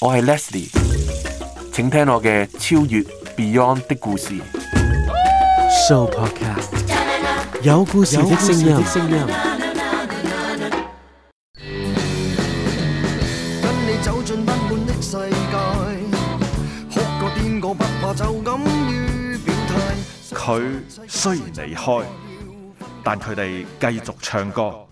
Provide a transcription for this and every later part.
我係 Leslie，請聽我嘅超越 Beyond 的故事。Supercast 有故事嘅聲音。佢雖然離開，但佢哋繼續唱歌。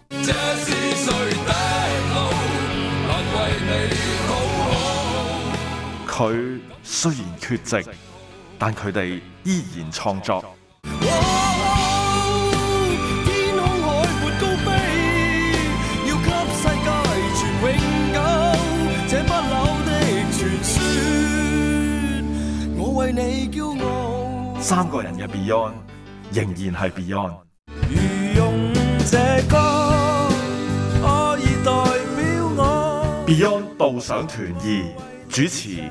佢雖然缺席，但佢哋依然創作。這不朽的傳說，我為你驕傲。三個人嘅 Beyond 仍然係 Beyond。Beyond 道上團二主持。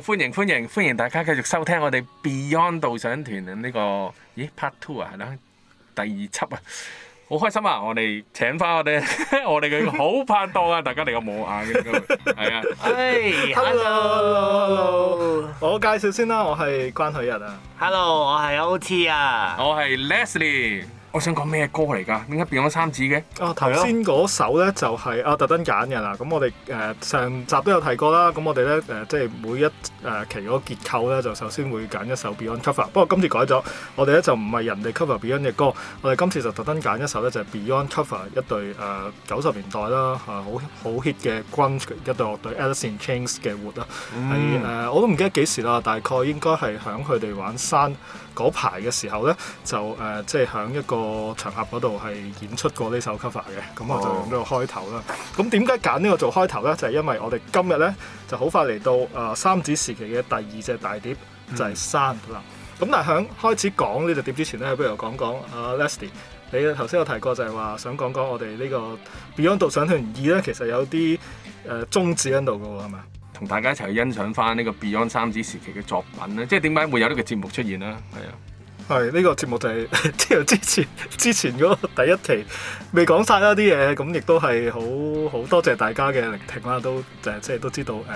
歡迎歡迎歡迎，大家繼續收聽我哋 Beyond 導賞團呢、這個，咦 Part Two 啊，係啦，第二輯啊，好開心啊，我哋請翻我哋 我哋嘅好拍檔啊，大家嚟個摸眼嘅，係啊，誒，Hello，我介紹先啦，C、我係關許日啊，Hello，我係 OT 啊，我係 Leslie。我想講咩歌嚟㗎？點解變咗三字嘅？哦，頭先嗰首咧就係啊，特登揀嘅啦。咁了、啊、我哋誒上集都有提過啦。咁我哋咧誒即係每一誒期嗰個結構咧，就首先會揀一首 Beyond Cover。不過今次改咗，我哋咧就唔係人哋 Cover Beyond 嘅歌。我哋今次就特登揀一首咧，就係 Beyond Cover 一隊誒九十年代啦，好、啊、好 hit 嘅 grunge 一隊樂隊 Alice in Chains 嘅活啦。係誒、呃、我都唔記得幾時啦，大概應該係響佢哋玩山。嗰排嘅時候咧，就誒即係喺一個場合嗰度係演出過呢首 cover 嘅，咁我就用呢個開頭啦。咁點解揀呢個做開頭呢？就係、是、因為我哋今日呢就好快嚟到誒、呃、三子時期嘅第二隻大碟，就係、是《Sound、嗯》啦。咁但係喺開始講呢隻碟之前呢，不如我講講啊、呃、Leslie，你頭先有提過就係話想講講我哋呢個 Beyond 獨唱團二呢，其實有啲誒宗旨喺度嘅喎，係、呃、咪同大家一齊去欣賞翻呢個 Beyond 三子時期嘅作品咧，即係點解會有呢個節目出現啦？係啊，係、這、呢個節目就係即係之前之前嗰第一期未講晒一啲嘢，咁亦都係好好多謝大家嘅聆聽啦，都誒即係都知道誒好、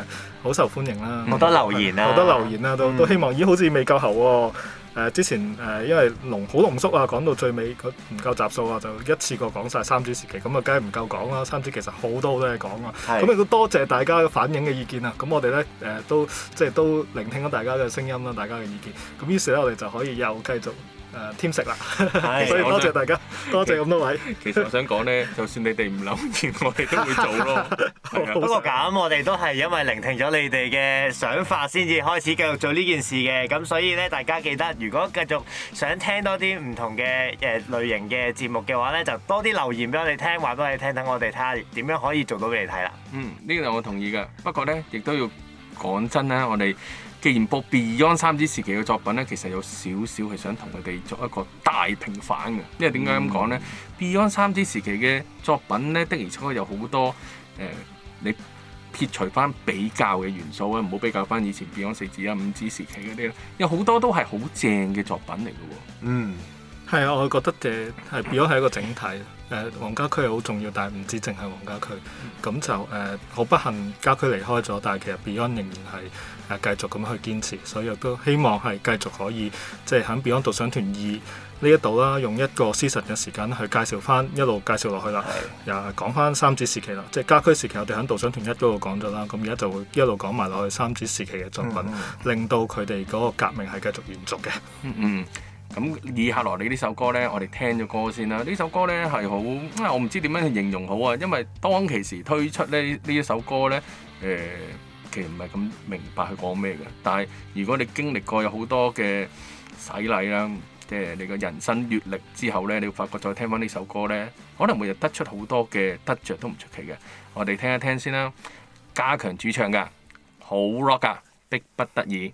呃、受歡迎啦，好、嗯、係多留言啊，好多留言啊，都都希望，咦、嗯、好似未夠喉喎。誒、呃、之前誒、呃，因為濃好濃縮啊，講到最尾佢唔夠集數啊，就一次過講晒三 G 時期，咁啊，梗係唔夠講啦。三 G 其實好多好多嘢講啊，咁亦都多謝大家反映嘅意見啊。咁我哋咧誒都即係都聆聽咗大家嘅聲音啦，大家嘅意見。咁於是咧，我哋就可以又繼續。誒、呃、添食啦， 所以多謝大家，多謝咁多位。其實我想講咧， 就算你哋唔留言，我哋都會做咯。不過咁，我哋都係因為聆聽咗你哋嘅想法，先至開始繼續做呢件事嘅。咁所以咧，大家記得，如果繼續想聽多啲唔同嘅誒類型嘅節目嘅話咧，就多啲留言俾我哋聽，話俾我哋聽，等我哋睇下點樣可以做到俾你睇啦。嗯，呢個我同意㗎。不過咧，亦都要講真啦，我哋。既然播 Beyond 三子時期嘅作品咧，其實有少少係想同佢哋作一個大平反嘅，因為點解咁講咧？Beyond 三子時期嘅作品咧，的而且確有好多誒、呃，你撇除翻比較嘅元素啊，唔好比較翻以前 Beyond 四子啊、五子時期嗰啲，有好多都係好正嘅作品嚟嘅喎。嗯，係啊，我覺得嘅係 Beyond 係一個整體，誒、呃，黃家駒係好重要，但係唔止淨係黃家駒咁、嗯、就誒好、呃、不幸家駒離開咗，但係其實 Beyond 仍然係。啊，繼續咁去堅持，所以亦都希望係繼續可以，即係喺 Beyond 導賞團二呢一度啦，用一個 season 嘅時間去介紹翻，一路介紹落去啦。的又講翻三子時期啦，即係家居時期，我哋喺導賞團一嗰度講咗啦。咁而家就會一路講埋落去三子時期嘅作品，嗯嗯令到佢哋嗰個革命係繼續延續嘅、嗯。嗯咁以下來你呢首歌呢，我哋聽咗歌先啦。呢首歌呢係好，我唔知點樣去形容好啊。因為當其時推出呢呢一首歌呢。誒、呃。其實唔係咁明白佢講咩嘅，但係如果你經歷過有好多嘅洗禮啦，即係你個人生閲歷之後呢，你會發覺再聽翻呢首歌呢，可能會得出好多嘅得着都唔出奇嘅。我哋聽一聽先啦，加強主唱噶，好 rock 啊，迫不得已。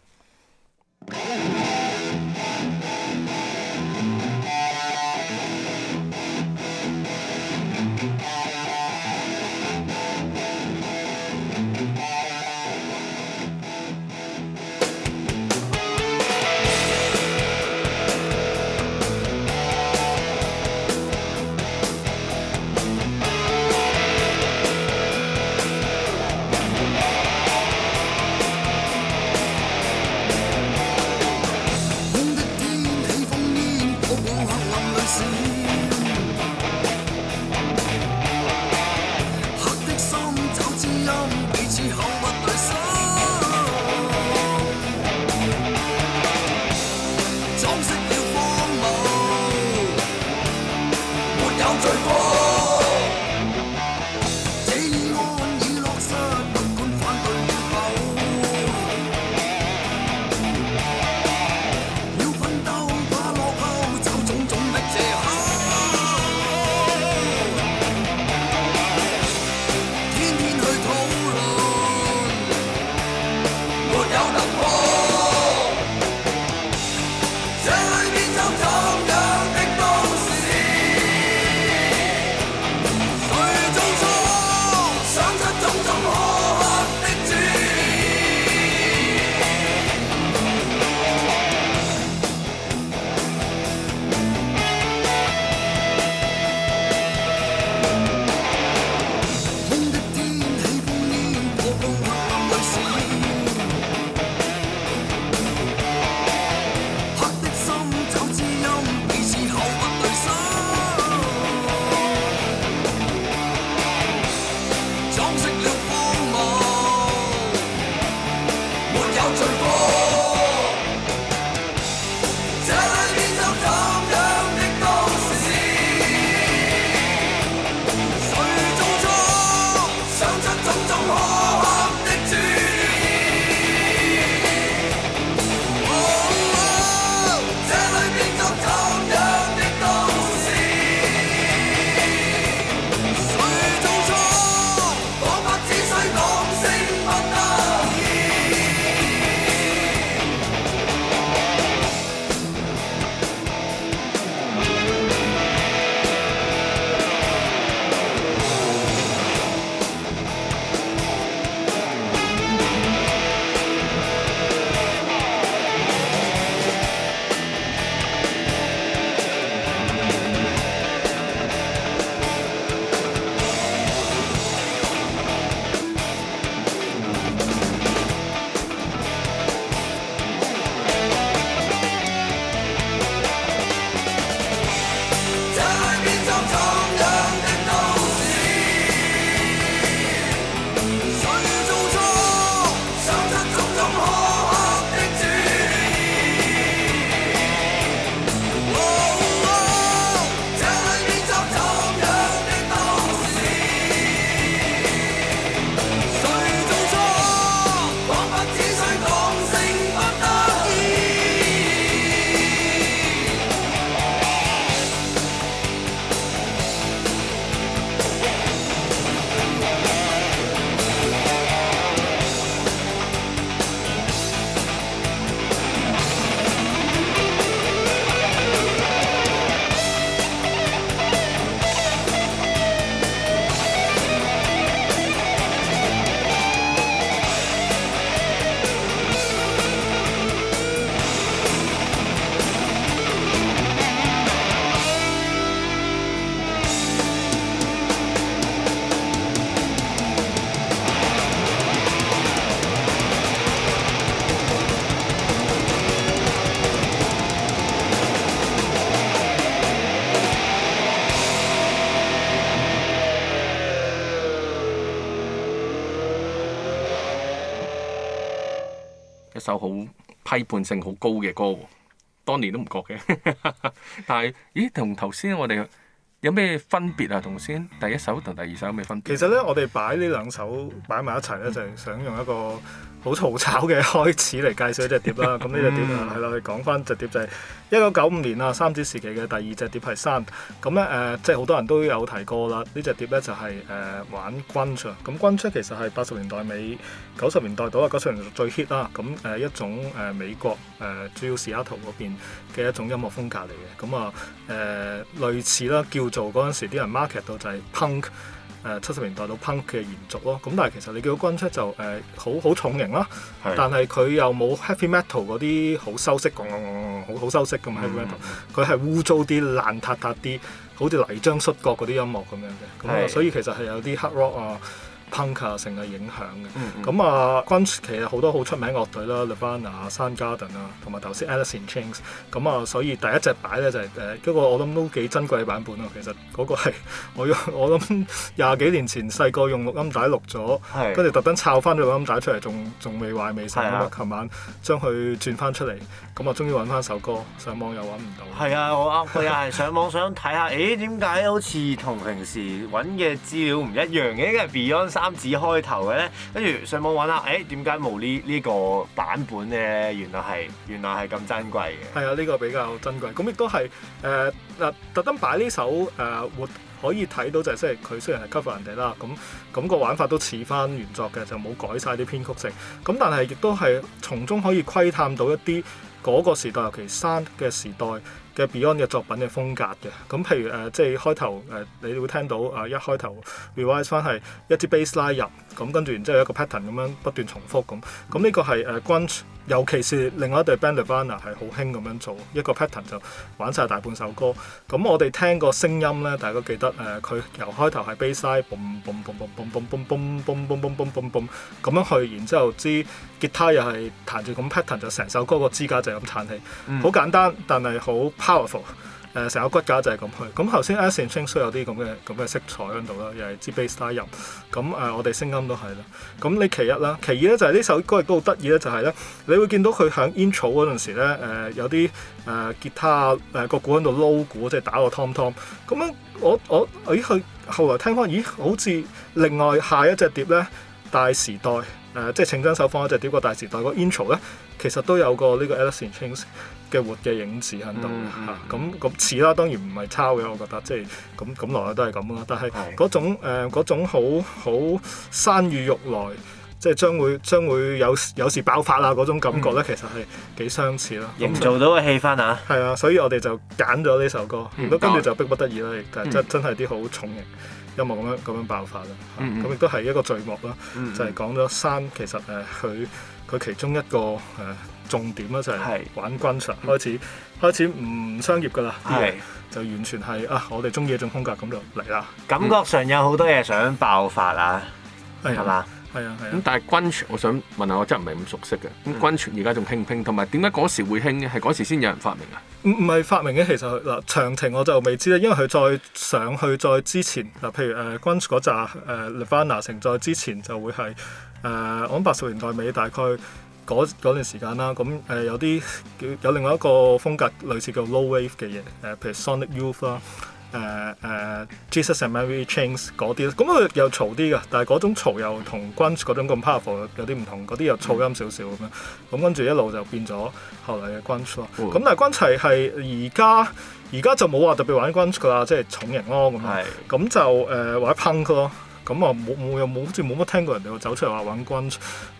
一首好批判性好高嘅歌喎，當年都唔覺嘅， 但係，咦，同頭先我哋有咩分別啊？同先第一首同第二首有咩分別？其實咧，我哋擺呢兩首擺埋一齊咧，就係想用一個。好嘈炒嘅開始嚟介紹一隻碟啦，咁呢隻碟係啦，我哋講翻隻碟就係一九九五年啊，三子時期嘅第二隻碟係三。咁咧誒，即係好多人都有提過啦，隻呢隻碟咧就係、是、誒、呃、玩軍槍。咁軍出其實係八十年代尾、九十年代到啊，九十年代最 hit 啦。咁誒、呃、一種誒、呃、美國誒、呃、主要西雅圖嗰邊嘅一種音樂風格嚟嘅。咁啊誒類似啦，叫做嗰陣時啲人 market 到就係 punk。誒七十年代到 punk 嘅延續咯，咁但係其實你見到軍靴就誒好好重型啦、啊，是但係佢又冇 heavy metal 嗰啲好修飾咁樣，好好修飾咁 heavy metal，佢係污糟啲、爛塌塌啲，好似泥漿摔角嗰啲音樂咁樣嘅，咁是、嗯、所以其實係有啲 hard rock 啊。Punk 影響嗯嗯啊，成個影響嘅，咁啊，其實好多好出名樂隊啦，Nirvana 啊，Soundgarden 啦，同埋頭先 Alice in Chains，咁啊，所以第一隻擺咧就係、是、誒，嗰、呃、我諗都幾珍貴嘅版本咯。其實嗰個係我我諗廿幾年前細個用錄音帶錄咗，跟住特登抄翻個錄音帶出嚟，仲仲未壞未晒。啊，琴晚將佢轉翻出嚟，咁、嗯、啊，終於揾翻首歌，上網又揾唔到。係啊，我啱，佢又係上網想睇下，誒點解好似同平時揾嘅資料唔一樣嘅？應該係 Beyond。三字開頭嘅咧，跟住上網玩下，誒點解冇呢呢個版本咧？原來係原來係咁珍貴嘅，係啊，呢個比較珍貴。咁亦都係誒嗱，特登擺呢首誒活、呃、可以睇到就係、是，即係佢雖然係 cover 人哋啦，咁咁個玩法都似翻原作嘅，就冇改晒啲編曲性。咁但係亦都係從中可以窺探到一啲嗰個時代，尤其山嘅時代。嘅 Beyond 嘅作品嘅風格嘅，咁譬如誒、呃，即係開頭誒、呃，你會聽到誒、呃、一開頭 revise 翻係一支 bass line 入。咁跟住然之後一個 pattern 咁樣不斷重複，咁咁呢個係誒 Grunge 尤其是，另外一對 banderbanner 係好興咁樣做一個 pattern 就玩晒大半首歌。咁我哋聽個聲音咧，大家記得誒佢由開頭係 bassline 嘣嘣嘣嘣嘣嘣嘣嘣嘣嘣嘣嘣嘣嘣嘣，咁樣去然之後，知吉他又係彈住咁 pattern 就成首歌個支架就係咁彈起，好簡單，但係好 powerful 誒成個骨架就係咁去，咁頭先《Alice in Chains》都有啲咁嘅咁嘅色彩喺度啦，又係自卑、低入，咁誒、呃、我哋聲音都係啦。咁你其一啦，其二咧就係、是、呢首歌亦都好得意咧，就係、是、咧，你會見到佢響 intro 嗰陣時咧，誒、呃、有啲誒、呃、吉他誒、呃、個鼓喺度撈鼓，即係打個 tom tom。咁樣我我咦佢後來聽翻咦好似另外下一隻碟咧《大時代》呃，誒即係《情真手放》一隻碟個《大時代》那個 intro 咧，其實都有過個呢個《Alice in Chains》。嘅活嘅影子喺度嚇，咁咁似啦，當然唔係抄嘅，我覺得即係咁咁來都係咁啦。但係嗰種誒嗰種好好山雨欲來，即係將會將會有有時爆發啊嗰種感覺咧，其實係幾相似啦。營造到嘅氣氛啊，係啊，所以我哋就揀咗呢首歌，咁跟住就迫不得已啦，亦都真真係啲好重型音樂咁樣咁樣爆發啦。咁亦都係一個序幕啦，就係講咗山其實誒佢佢其中一個誒。重點咯，就係玩 grunge 是的 開始，嗯、開始唔商業噶啦，是的 就完全係啊！我哋中意嘅種風格咁就嚟啦。感覺上有好多嘢想爆發啊，係嘛、嗯的？係啊，係啊。咁但係 grunge，我想問下我真係唔係咁熟悉嘅。咁 grunge 而家仲興唔興？同埋點解嗰時會興咧？係嗰時先有人發明啊？唔唔係發明嘅，其實嗱，詳、呃、情我就未知啦，因為佢再上去再之前嗱、呃，譬如誒 grunge 嗰扎誒 Nirvana 再之前就會係誒、uh, 我諗八十年代尾大概。嗰段時間啦，咁誒、呃、有啲有另外一個風格類似叫 low wave 嘅嘢，誒、呃、譬如 sonic youth 啦、呃，誒、呃、誒 Jesus and Mary Chains 嗰啲咁佢又嘈啲嘅，但係嗰種嘈又同 grunge 嗰種咁 powerful 有啲唔同，嗰啲又噪音少少咁樣，咁跟住一路就變咗後來嘅 grunge 啦，咁、嗯、但係 grunge 係而家而家就冇話特別玩 grunge 噶啦，即、就、係、是、重型咯咁樣，咁就玩是、呃、punk 咯。咁啊，冇冇又冇，好似冇乜聽過人哋話走出嚟話揾軍。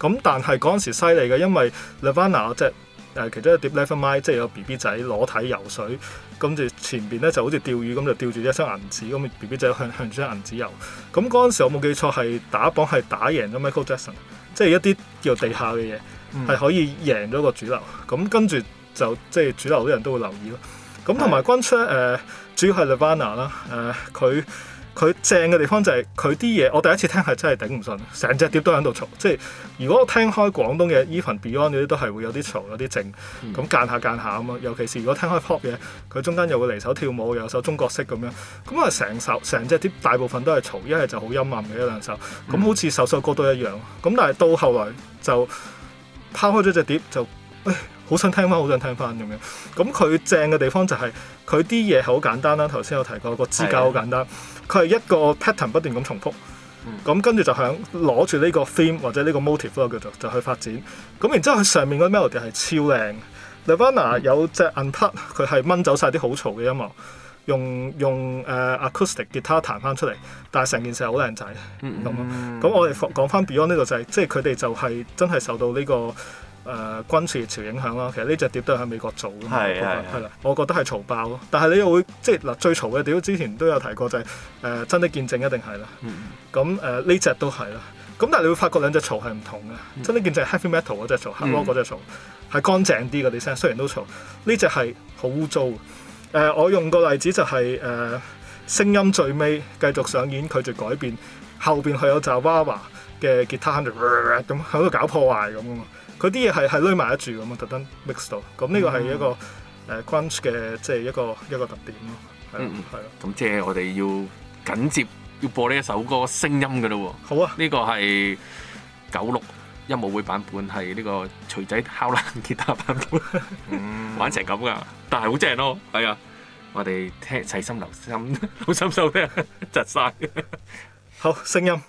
咁但係嗰陣時犀利嘅，因為 Nirvana 即、就、只、是、誒、呃、其中一碟 Nevermind，即係有 B B 仔裸體游水，跟住前邊咧就好似釣魚咁，就釣住一箱銀紙，咁 B B 仔向向住一箱銀紙游。咁嗰陣時我冇記錯，係打榜係打贏咗 Michael Jackson，即係一啲叫地下嘅嘢，係、嗯、可以贏咗個主流。咁跟住就即係、就是、主流好多人都會留意咯。咁同埋軍車誒的、呃，主要係 Nirvana 啦、呃，誒、呃、佢。佢正嘅地方就係佢啲嘢，我第一次聽係真係頂唔順，成隻碟都喺度嘈。即係如果我聽開廣東嘅 Even Beyond 嗰啲，都係會有啲嘈，有啲靜。咁、嗯、間下間下咁啊。尤其是如果聽開 Pop 嘢，佢中間又會嚟首跳舞，又有首中國式咁樣，樣。咁啊，成首成隻碟大部分都係嘈，一係就好陰暗嘅一兩首。咁好似首首歌都一樣。咁但係到後來就拋開咗隻碟就好想聽翻，好想聽翻咁樣。咁佢正嘅地方就係佢啲嘢係好簡單啦、啊。頭先有提過個支架好簡單，佢係的一個 pattern 不斷咁重複。咁、嗯、跟住就響攞住呢個 theme 或者呢個 motif 叫做就去發展。咁然之後佢上面個 melody 係超靚。Nirvana 有隻 unplug、嗯，佢係掹走晒啲好嘈嘅音樂，用用誒、呃、acoustic 吉他彈翻出嚟。但係成件事係好靚仔。咁咁、嗯嗯、我哋講講翻 Beyond 呢個就係、是，即係佢哋就係真係受到呢、這個。誒、呃、軍事熱潮影響啦，其實呢隻碟都喺美國做嘅，係啦的、嗯，我覺得係嘈爆咯。但係你又會即係嗱、呃，最嘈嘅碟之前都有提過、就是，就係誒真的見證一定係啦。咁誒呢隻都係啦。咁但係你會發覺兩隻嘈係唔同嘅。嗯、真的見證 heavy metal 嗰隻嘈，rock 嗰隻嘈係乾淨啲嘅。啲聲，雖然都嘈。呢隻係好污糟。誒、呃，我用個例子就係、是、誒、呃、聲音最尾繼續上演，佢就改變後邊佢有扎瓦瓦嘅吉他喺度咁喺度搞破壞咁啊。佢啲嘢係係攣埋得住咁啊，特登 mix 到，咁呢個係一個誒 crunch 嘅即係一個一個特點咯。嗯嗯，係咯。咁即係我哋要緊接要播呢一首歌聲音嘅咯喎。好啊。呢個係九六音樂會版本，係呢個錘仔敲爛吉他版本，玩成咁噶，但係好正咯。係啊，我哋聽細心留心，好心收聽。窒晒，好聲音。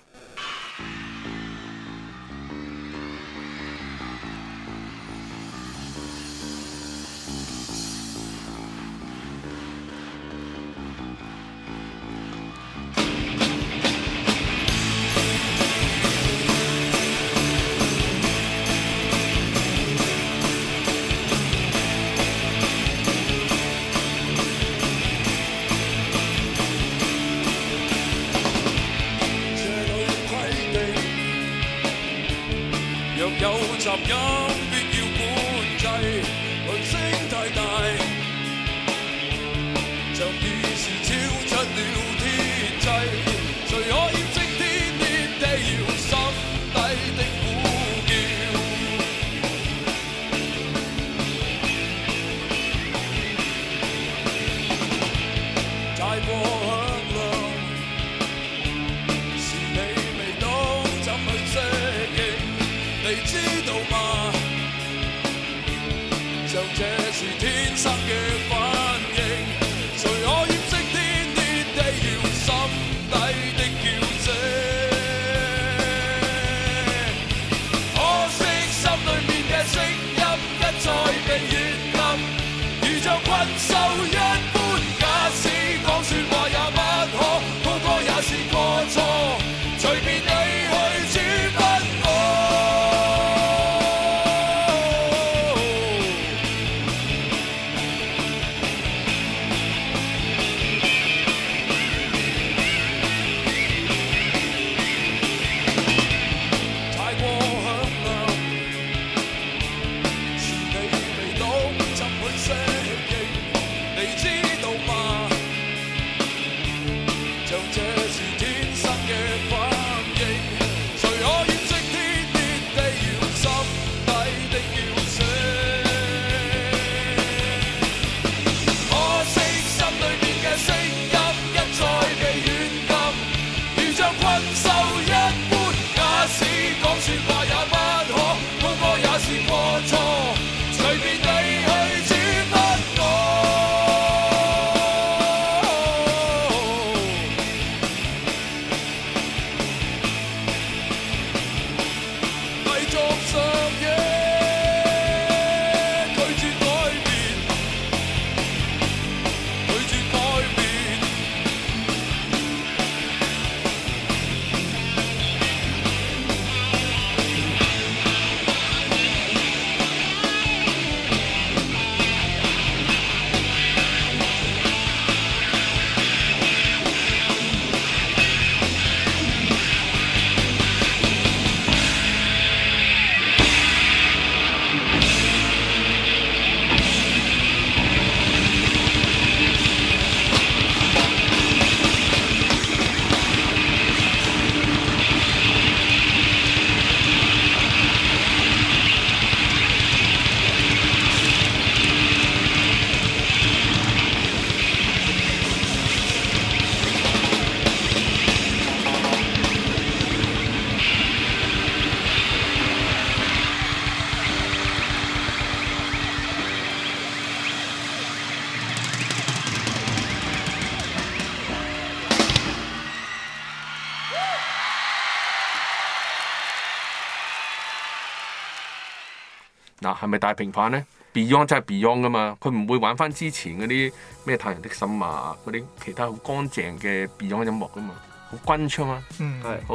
係咪大平反咧？Beyond 真係 Beyond 噶嘛，佢唔會玩翻之前嗰啲咩《太陽的心》啊，嗰啲其他好乾淨嘅 Beyond 音樂噶嘛，好均勻啊，係、嗯、好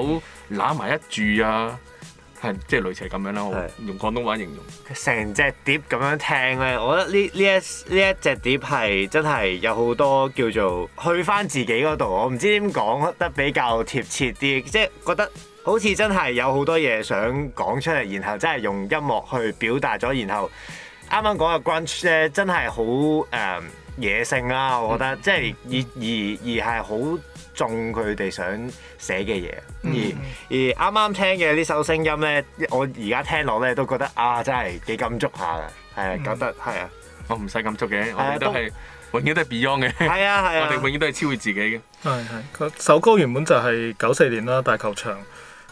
攬埋一柱啊，係即係類似係咁樣啦，我用廣東話形容。佢成隻碟咁樣聽咧，我覺得呢呢一呢一隻碟係真係有好多叫做去翻自己嗰度，我唔知點講得比較貼切啲即係，覺得。好似真係有好多嘢想講出嚟，然後真係用音樂去表達咗。然後啱啱講嘅 grunge 咧，真係好誒野性啦，我覺得。即係而而而係好中佢哋想寫嘅嘢。而而啱啱聽嘅呢首聲音咧，我而家聽落咧都覺得啊，真係幾感觸下嘅。係覺得係啊，我唔使感觸嘅，我哋都係永遠都係 Beyond 嘅。係啊係啊，我哋永遠都係超越自己嘅。係係，首歌原本就係九四年啦，大球場。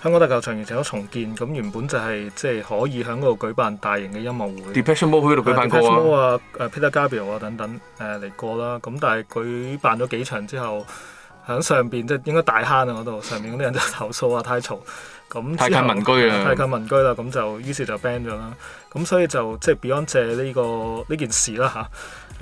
香港大球場完成咗重建，咁原本就係即係可以喺嗰度舉辦大型嘅音樂會。Depression Mo 喺度舉辦過對 Mall，啊，Peter Gabriel 啊等等嚟、呃、過啦。咁但係舉辦咗幾場之後，響上邊即係應該大坑啊嗰度，上面嗰啲人都投訴話太嘈，咁太近民居啦、嗯，太近民居啦，咁就於是就 ban 咗啦。咁所以就即係、就是、Beyond 借呢個呢件事啦嚇。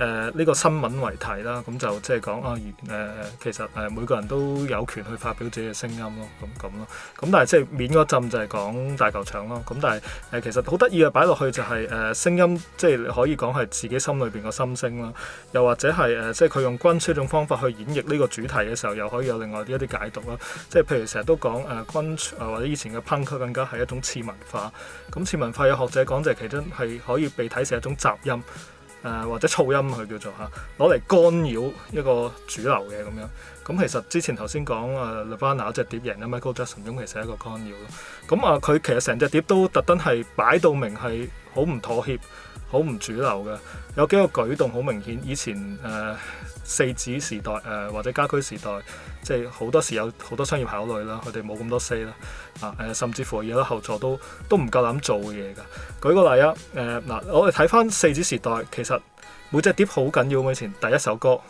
誒呢、呃這個新聞為題啦，咁就即係講啊，誒、呃、其實誒、呃呃呃、每個人都有權去發表自己嘅聲音咯，咁咁咯。咁但係即係面嗰陣就係講大球場咯。咁但係誒、呃、其實好得意嘅，擺落去就係誒聲音，即、就、係、是、可以講係自己心裏面個心聲啦。又或者係誒、呃、即係佢用 grunge 呢種方法去演繹呢個主題嘅時候，又可以有另外一啲解讀啦、啊。即係譬如成日都講誒 grunge，或者以前嘅 punk 更加係一種次文化。咁次文化有學者講就係其中係可以被睇成一種雜音。誒、呃、或者噪音佢叫做嚇，攞嚟干擾一個主流嘅咁樣。咁其實之前頭先講誒 Nirvana 隻碟贏啊 Michael Jackson，咁其實係一個干擾咯。咁啊佢其實成隻碟都特登係擺到明係好唔妥協、好唔主流嘅。有幾個舉動好明顯，以前誒。呃四子時代誒、呃、或者家居時代，即係好多時有好多商業考慮啦，佢哋冇咁多 say 啦、啊，啊、呃、甚至乎而家後座都都唔夠膽做嘢噶。舉個例啊，誒、呃、嗱、呃、我哋睇翻四子時代，其實每隻碟好緊要嘅，以前第一首歌、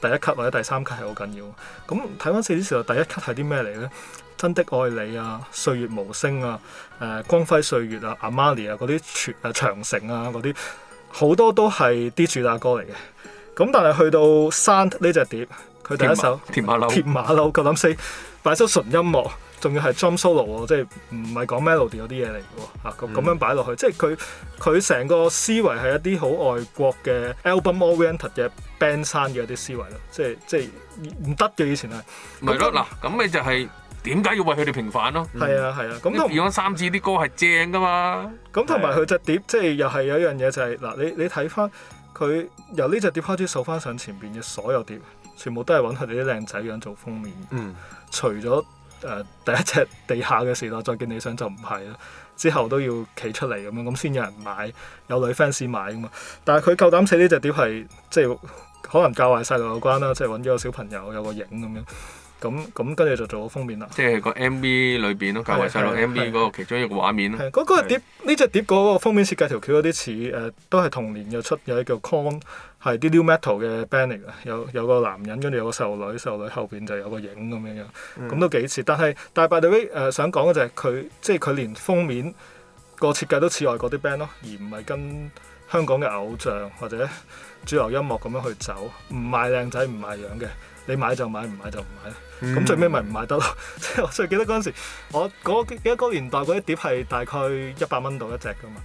第一級或者第三級係好緊要，咁睇翻四子時代，第一級係啲咩嚟呢？真的愛你啊，歲月無聲啊、呃，光輝歲月啊，阿瑪尼啊嗰啲全、呃、長城啊嗰啲，好多都係啲主打歌嚟嘅。咁但係去到 Sound 呢隻碟，佢第一首《鐵馬騮》，《鐵馬騮》佢諗死擺首純音樂，仲要係 drum solo 喎，即係唔係講 melody 嗰啲嘢嚟嘅喎，吓咁咁樣擺落去，即係佢佢成個思維係一啲好外國嘅 album oriented 嘅 band sound 嘅一啲思維咯，即係即係唔得嘅以前係。唔係咯嗱，咁你就係點解要為佢哋平反咯？係啊係啊，咁同 Beyond 三子啲歌係正噶嘛？咁同埋佢隻碟，即係又係有一樣嘢就係嗱，你你睇翻。佢由呢隻碟開始掃翻上前邊嘅所有碟，全部都係揾佢哋啲靚仔樣做封面。嗯、除咗、呃、第一隻地下嘅時代再見理想就唔係啦，之後都要企出嚟咁樣，咁先有人買，有女 fans 買啊嘛。但係佢夠膽死呢隻碟係，即係可能教壞細路有關啦，即係揾咗個小朋友有個影咁樣。咁咁跟住就做封面啦。即係個 MV 裏邊咯，教外細路 MV 嗰個其中一個畫面咯。嗰嗰是個碟呢隻是碟嗰個封面設計條橋有啲似誒，都係同年又出有一個叫 Korn 係啲 new metal 嘅 band 嚟嘅，有有個男人跟住有個少女，少女後邊就有個影咁樣樣，咁、嗯、都幾似。但係但係 by the way 誒、呃、想講嘅就係佢即係佢連封面個設計都似外國啲 band 咯，而唔係跟香港嘅偶像或者主流音樂咁樣去走，唔賣靚仔唔賣樣嘅，你買就買，唔買就唔買。咁、嗯、最尾咪唔買得咯，即 係我最記得嗰陣時，我記得嗰年代嗰啲碟係大概一百蚊到一隻噶嘛，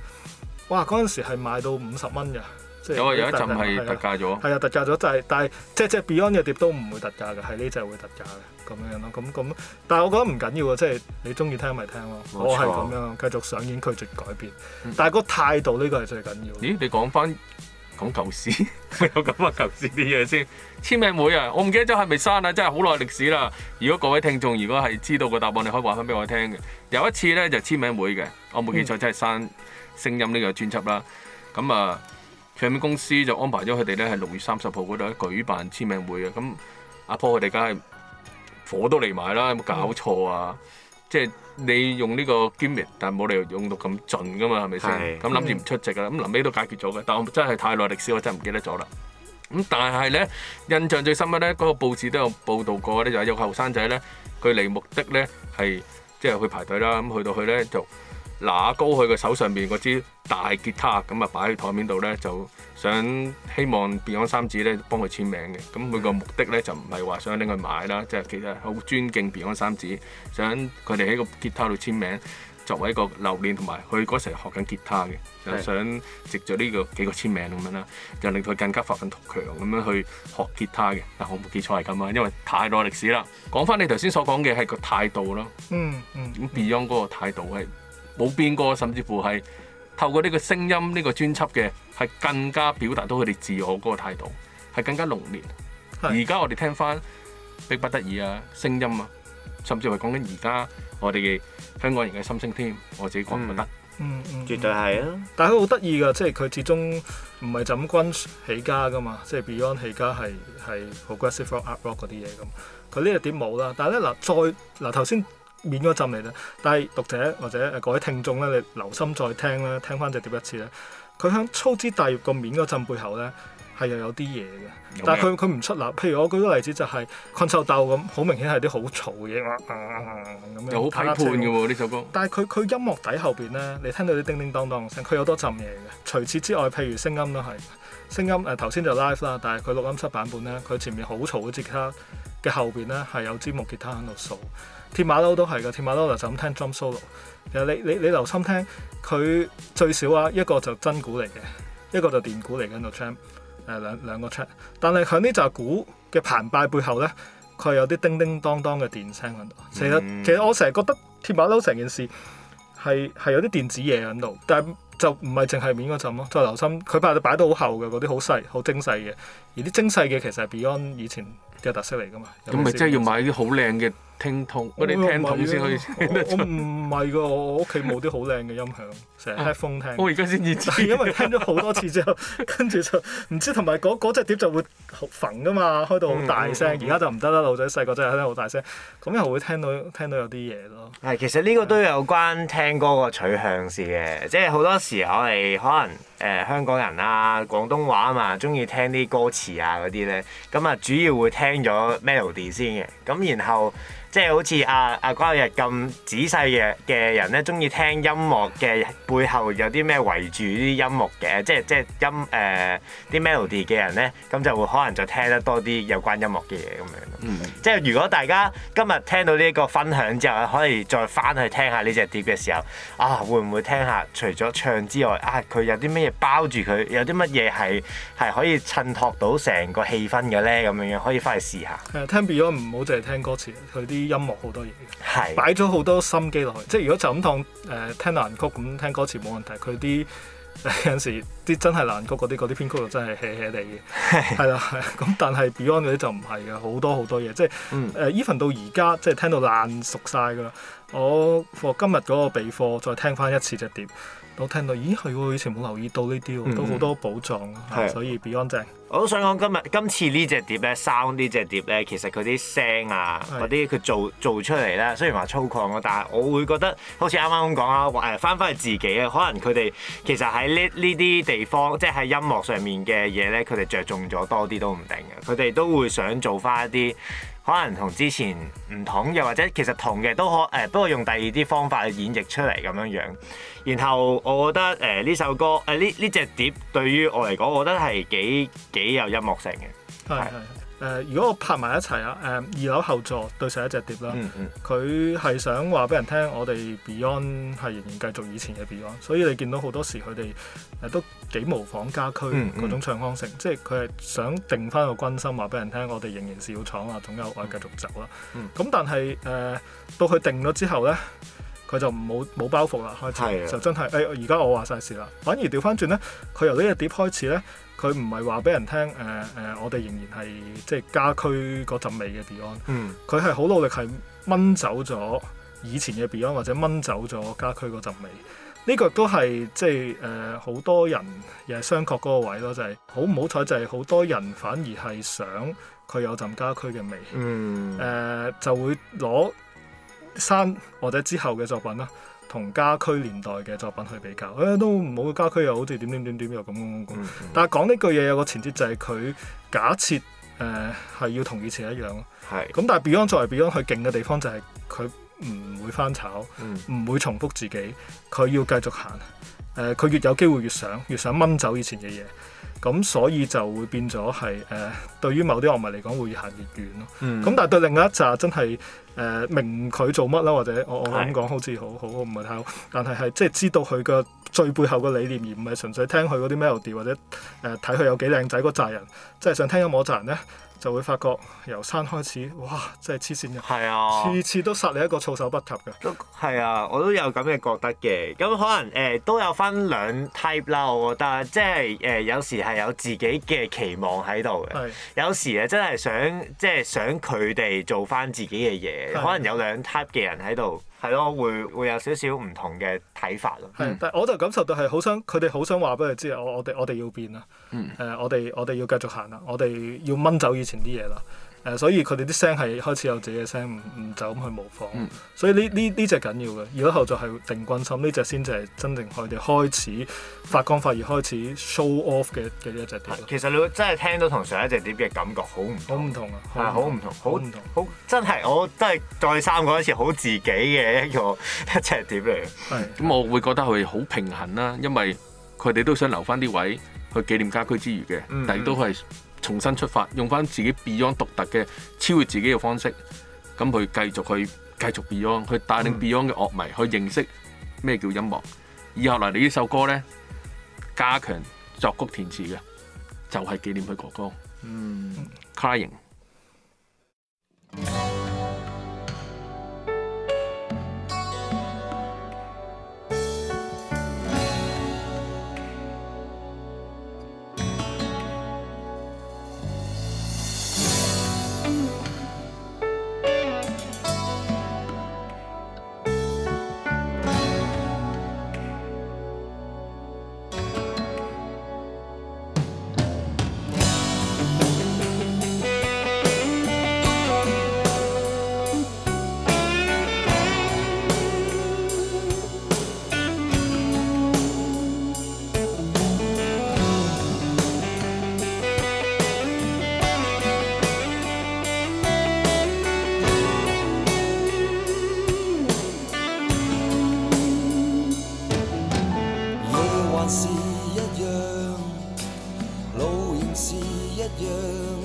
哇！嗰陣時係買到五十蚊嘅，即係有，有一陣係特價咗，係啊，啊特價咗，就係但係即即 Beyond 嘅碟都唔會特價嘅，係呢隻會特價嘅咁樣咯，咁咁，但係我覺得唔緊要啊，即係你中意聽咪聽咯，錯我係咁樣繼續上演拒絕改變，嗯、但係個態度呢個係最緊要。咦？你講翻。講舊事，有咁嘅舊事啲嘢先。簽名會啊，我唔記得咗係咪刪啦，真係好耐歷史啦。如果各位聽眾如果係知道個答案，你可以話翻俾我聽嘅。有一次咧就簽名會嘅，我冇記錯真係刪聲音呢個專輯啦。咁啊唱片公司就安排咗佢哋咧係六月三十號嗰度舉辦簽名會嘅。咁阿婆佢哋梗係火都嚟埋啦，有冇搞錯啊？嗯即係你用呢個 Gimmick，但係冇理由用到咁盡噶嘛，係咪先？咁諗住唔出席啦，咁臨尾都解決咗嘅。但我真係太耐歷史，我真係唔記得咗啦。咁但係咧，印象最深刻咧，嗰個報紙都有報導過咧，就係有個後生仔咧，佢嚟目的咧係即係去排隊啦。咁去到去咧就拿高佢嘅手上面嗰支大吉他，咁啊擺喺台面度咧就。想希望 Beyond 三子咧幫佢簽名嘅，咁、嗯、佢個目的咧就唔係話想拎佢買啦，即係其實好尊敬 Beyond 三子，想佢哋喺個吉他度簽名，作為一個留念同埋佢嗰時學緊吉他嘅，是想藉著呢個幾個簽名咁樣啦，就令佢更加發奮圖強咁樣去學吉他嘅。但我冇記錯係咁啊，因為太多歷史啦。講翻你頭先所講嘅係個態度咯、嗯，嗯嗯，咁 Beyond 嗰個態度係冇變過，甚至乎係透過呢個聲音呢、呢個專輯嘅。係更加表達到佢哋自我嗰個態度，係更加濃烈。而家我哋聽翻《迫不得已》啊，聲音啊，甚至係講緊而家我哋嘅香港人嘅心聲添。我自己覺得，嗯嗯，絕對係啊！但係佢好得意㗎，即係佢始終唔係就咁軍起家㗎嘛，即係 Beyond 起家係係 progressive rock, art rock 嗰啲嘢咁。佢呢個碟冇啦？但係咧嗱，再嗱頭先免個心你免咗浸嚟啦。但係讀者或者各位聽眾咧，你留心再聽咧，聽翻隻碟一次咧。佢喺粗枝大葉個面嗰陣背後呢，係又有啲嘢嘅，但係佢佢唔出嚟。譬如我舉個例子就係、是《困獸鬥》咁，好明顯係啲好嘈嘅嘢啦，咁、啊啊、樣好批判嘅喎呢首歌。但係佢佢音樂底後邊呢，你聽到啲叮叮當當嘅聲，佢有多浸嘢嘅。除此之外，譬如聲音都係聲音誒，頭、呃、先就 live 啦，但係佢錄音室版本呢，佢前面好嘈嘅吉他嘅後邊呢，係有支木吉他喺度掃。鐵馬騮都係㗎，鐵馬騮就咁聽 drum solo，其實你你你留心聽，佢最少啊一個就真鼓嚟嘅，一個就鼓一個就電鼓嚟嘅、嗰個 drum，誒兩兩個 drum，但係喺呢紮鼓嘅澎湃背後呢，佢有啲叮叮當當嘅電聲喺度、嗯。其實其實我成日覺得鐵馬騮成件事係係有啲電子嘢喺度，但係就唔係淨係面嗰陣咯，就係、留心佢擺到擺到好厚嘅嗰啲好細好精細嘅，而啲精細嘅其實係 Beyond 以前。有特色嚟噶嘛，咁咪即係要買啲好靚嘅聽筒，嗰啲聽筒先可以。我唔係噶，我屋企冇啲好靚嘅音響，成日 headphone 聽。我而家先至知，因為聽咗好多次之後，跟住就唔知。同埋嗰嗰隻碟就會焚噶嘛，開到好大聲。而家就唔得啦，老仔細個真係開得好大聲，咁又會聽到聽到有啲嘢咯。係，其實呢個都有關聽歌個取向事嘅，即係好多時我哋可能。誒、呃、香港人啊，廣東話啊嘛，中意聽啲歌詞啊嗰啲咧，咁啊主要會聽咗 melody 先嘅，咁然後。即係好似阿阿關日咁仔細嘅嘅人咧，中意聽音樂嘅背後有啲咩圍住啲音樂嘅，即係即係音誒啲、呃、melody 嘅人咧，咁就會可能就聽得多啲有關音樂嘅嘢咁樣、嗯、即係如果大家今日聽到呢一個分享之後，可以再翻去聽下呢隻碟嘅時候，啊，會唔會聽下除咗唱之外，啊，佢有啲乜嘢包住佢，有啲乜嘢係係可以襯托到成個氣氛嘅咧？咁樣樣可以翻去試下。係啊，聽 Beyond 唔好淨係聽歌詞，佢啲。音樂好多嘢嘅，擺咗好多心機落去。即係如果就咁當誒聽爛曲咁聽歌詞冇問題，佢啲、呃、有陣時啲真係爛曲嗰啲嗰啲編曲就真係 hea hea 哋嘅，係啦的。咁 但係 Beyond 嗰啲就唔係嘅，好多好多嘢。即係誒、嗯呃、even 到而家即係聽到爛熟晒㗎啦。我 for 今日嗰個備課再聽翻一次隻碟。我聽到，咦，係喎！以前冇留意到呢啲喎，都好多寶藏，mm hmm. 啊、所以 Beyond 正。我都想講今日今次呢隻碟咧，三呢隻碟咧，其實佢啲聲啊，嗰啲佢做做出嚟咧，雖然話粗獷咯，但係我會覺得好似啱啱咁講啦，誒，翻返去自己啊，可能佢哋其實喺呢呢啲地方，即係喺音樂上面嘅嘢咧，佢哋着重咗多啲都唔定嘅，佢哋都會想做翻一啲。可能同之前唔同，又或者其實同嘅都可，誒，不過用第二啲方法去演繹出嚟咁樣樣。然後我覺得誒呢，呃，首歌誒呢呢隻碟對於我嚟講，我覺得係幾幾有音樂性嘅。係係。誒、呃，如果我拍埋一齊啊，誒、呃，二樓後座對上一隻碟啦，佢係、嗯嗯、想話俾人聽，我哋 Beyond 係仍然繼續以前嘅 Beyond，所以你見到好多時佢哋誒都幾模仿家駒嗰、嗯嗯、種唱腔性，即係佢係想定翻個軍心，話俾人聽，我哋仍然是要闖啊，總有我繼續走啦。咁、嗯嗯嗯、但係誒、呃，到佢定咗之後咧，佢就冇冇包袱啦，開始就真係，誒的，而家、哎、我話晒事啦。反而調翻轉咧，佢由呢隻碟開始咧。佢唔係話俾人聽，誒、呃、誒、呃，我哋仍然係即係家駒嗰陣味嘅 Beyond，佢係好努力係掹走咗以前嘅 Beyond 或者掹走咗家駒嗰陣味，呢、這個都係即係誒好多人又係商榷嗰個位咯，就係好唔好彩就係好多人反而係想佢有陣家駒嘅味，誒、嗯呃、就會攞山或者之後嘅作品啦。同家駒年代嘅作品去比較，誒、哎、都唔冇家駒又好似點點點點又咁咁咁。嗯嗯、但係講呢句嘢有個前提就係佢假設誒係、呃、要同以前一樣。係是。咁但係 Beyond 作為 Beyond 佢勁嘅地方就係佢唔會翻炒，唔、嗯、會重複自己，佢要繼續行。誒、呃、佢越有機會越想，越想掹走以前嘅嘢。咁所以就會變咗係誒，對於某啲樂迷嚟講會越行越遠咯。咁、嗯、但係對另一紮真係誒、呃、明佢做乜啦，或者我我咁講好似好好唔係太好，但係係即係知道佢嘅最背後嘅理念，而唔係純粹聽佢嗰啲 melody 或者誒睇佢有幾靚仔嗰扎人，即係想聽音樂嗰扎人呢？就會發覺由山開始，哇！真係黐線人，係啊，次次都殺你一個措手不及㗎，都係啊！我都有咁嘅覺得嘅。咁可能誒、呃、都有分兩 type 啦，我覺得，即係誒、呃、有時係有自己嘅期望喺度嘅，是有時咧真係想即係想佢哋做翻自己嘅嘢，是可能有兩 type 嘅人喺度。係咯，會會有少少唔同嘅睇法咯。但係我就感受到係好想佢哋好想話俾我知，我我哋我哋要變啦。誒、嗯呃，我哋我哋要繼續行啦，我哋要掹走以前啲嘢啦。誒，所以佢哋啲聲係開始有自己嘅聲，唔唔就咁去模仿。嗯、所以呢呢呢隻緊要嘅，如果後續係定軍心，呢隻先就係真正佢哋開始發光發熱，開始 show off 嘅嘅呢一隻碟。其實你會真係聽到同上一隻碟嘅感覺好唔好唔同啊？係好唔同，好唔、啊、同，好真係我真係再三講一次好自己嘅一個 一隻碟嚟。咁是是我會覺得佢好平衡啦，因為佢哋都想留翻啲位去紀念家居之餘嘅，但係都係。嗯嗯重新出發，用翻自己 Beyond 獨特嘅超越自己嘅方式，咁去繼續去繼續 Beyond，去帶領 Beyond 嘅樂迷去認識咩叫音樂。以後嚟你呢首歌咧，加強作曲填詞嘅，就係、是、紀念佢哥哥。嗯，Crying。Cry 是一樣，路仍是一樣，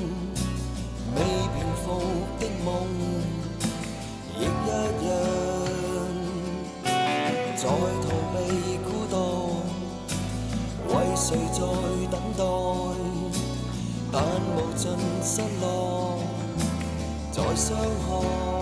未平復的夢亦一樣， 在逃避孤獨，為誰在等待？但無盡失落，在傷害。